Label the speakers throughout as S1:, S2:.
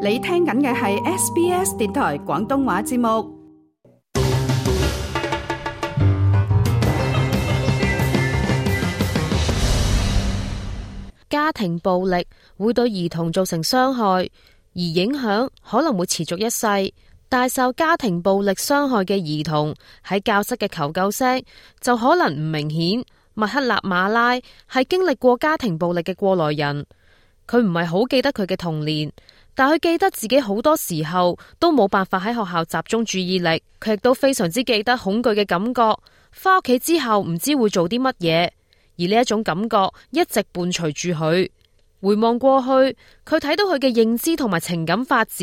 S1: 你聽緊嘅係 SBS 電台廣東話節目。家庭暴力會對兒童造成傷害，而影響可能會持續一世。但受家庭暴力傷害嘅兒童喺教室嘅求救聲就可能唔明顯。麥克納馬拉係經歷過家庭暴力嘅過來人，佢唔係好記得佢嘅童年。但佢記得自己好多時候都冇辦法喺學校集中注意力，佢亦都非常之記得恐懼嘅感覺。翻屋企之後唔知會做啲乜嘢，而呢一種感覺一直伴隨住佢。回望過去，佢睇到佢嘅認知同埋情感發展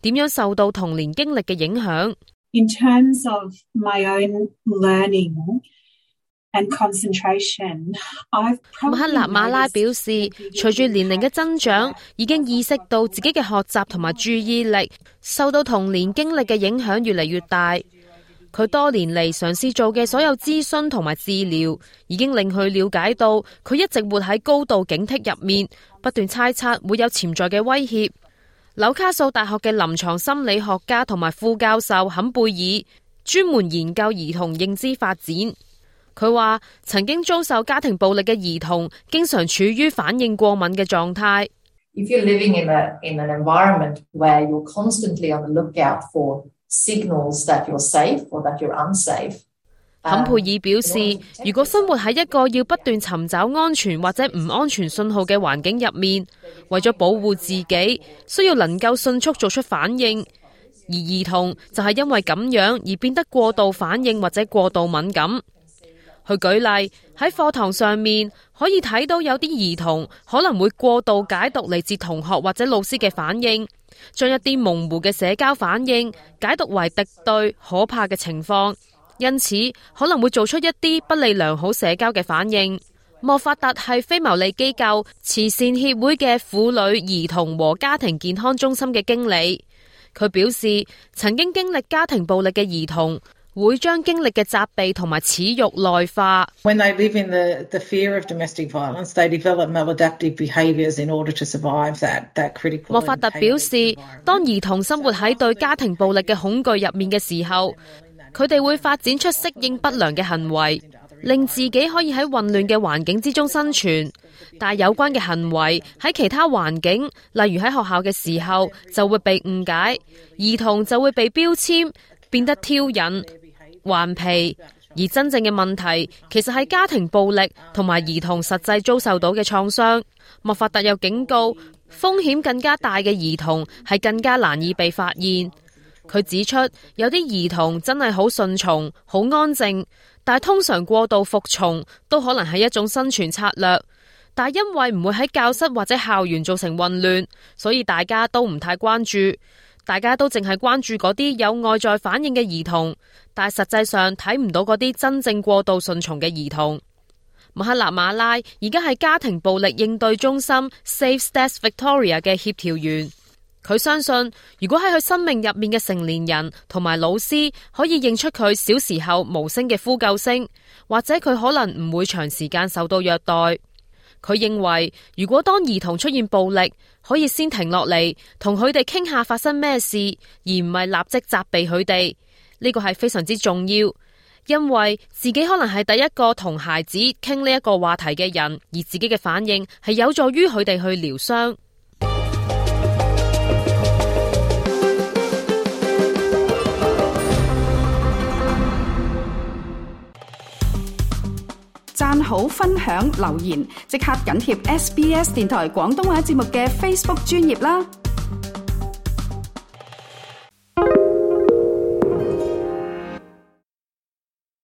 S1: 點樣受到童年經歷嘅影響。In terms of my own learning, 穆克納馬拉表示，隨住年齡嘅增長，已經意識到自己嘅學習同埋注意力受到童年經歷嘅影響越嚟越大。佢多年嚟嘗試做嘅所有諮詢同埋治療，已經令佢了解到佢一直活喺高度警惕入面，不斷猜測會有潛在嘅威脅。紐卡素大學嘅臨牀心理學家同埋副教授坎貝爾專門研究兒童認知發展。佢話曾經遭受家庭暴力嘅兒童經常處於反應過敏嘅狀態。
S2: 坎佩爾表示，
S1: 如果生活喺一個要不斷尋找安全或者唔安全信號嘅環境入面，為咗保護自己，需要能夠迅速做出反應，而兒童就係因為咁樣而變得過度反應或者過度敏感。佢舉例喺課堂上面可以睇到有啲兒童可能會過度解讀嚟自同學或者老師嘅反應，將一啲模糊嘅社交反應解讀為敵對可怕嘅情況，因此可能會做出一啲不利良好社交嘅反應。莫法達係非牟利機構慈善協會嘅婦女兒童和家庭健康中心嘅經理，佢表示曾經經歷家庭暴力嘅兒童，會將經歷嘅責備同埋恥辱內化。莫法特表示，當兒童生活喺對家庭暴力嘅恐懼入面嘅時候，佢哋會發展出適應不良嘅行為，令自己可以喺混亂嘅環境之中生存。但有關嘅行為喺其他環境，例如喺學校嘅時候，就會被誤解，兒童就會被標籤，變得挑釁，頑皮，而真正嘅問題其實係家庭暴力同埋兒童實際遭受到嘅創傷。莫法特又警告，風險更加大嘅兒童係更加難以被發現。佢指出，有啲兒童真係好順從、好安靜，但係通常過度服從都可能係一種生存策略。但係因為唔會喺教室或者校園造成混亂，所以大家都唔太關注。大家都淨係關注嗰啲有外在反應嘅兒童，但實際上睇唔到嗰啲真正過度順從嘅兒童。麥克納馬拉而家係家庭暴力應對中心 Safe Steps Victoria 嘅協調員，佢相信如果喺佢生命入面嘅成年人同埋老師可以認出佢小時候無聲嘅呼救聲，或者佢可能唔會長時間受到虐待。佢認為，如果當兒童出現暴力，可以先停落嚟同佢哋傾下談談發生咩事，而唔係立即責備佢哋。呢個係非常之重要，因為自己可能係第一個同孩子傾呢一個話題嘅人，而自己嘅反應係有助於佢哋去療傷。讚好、分享、留言，即刻緊貼 SBS 電台廣東話節目嘅 Facebook 專頁啦！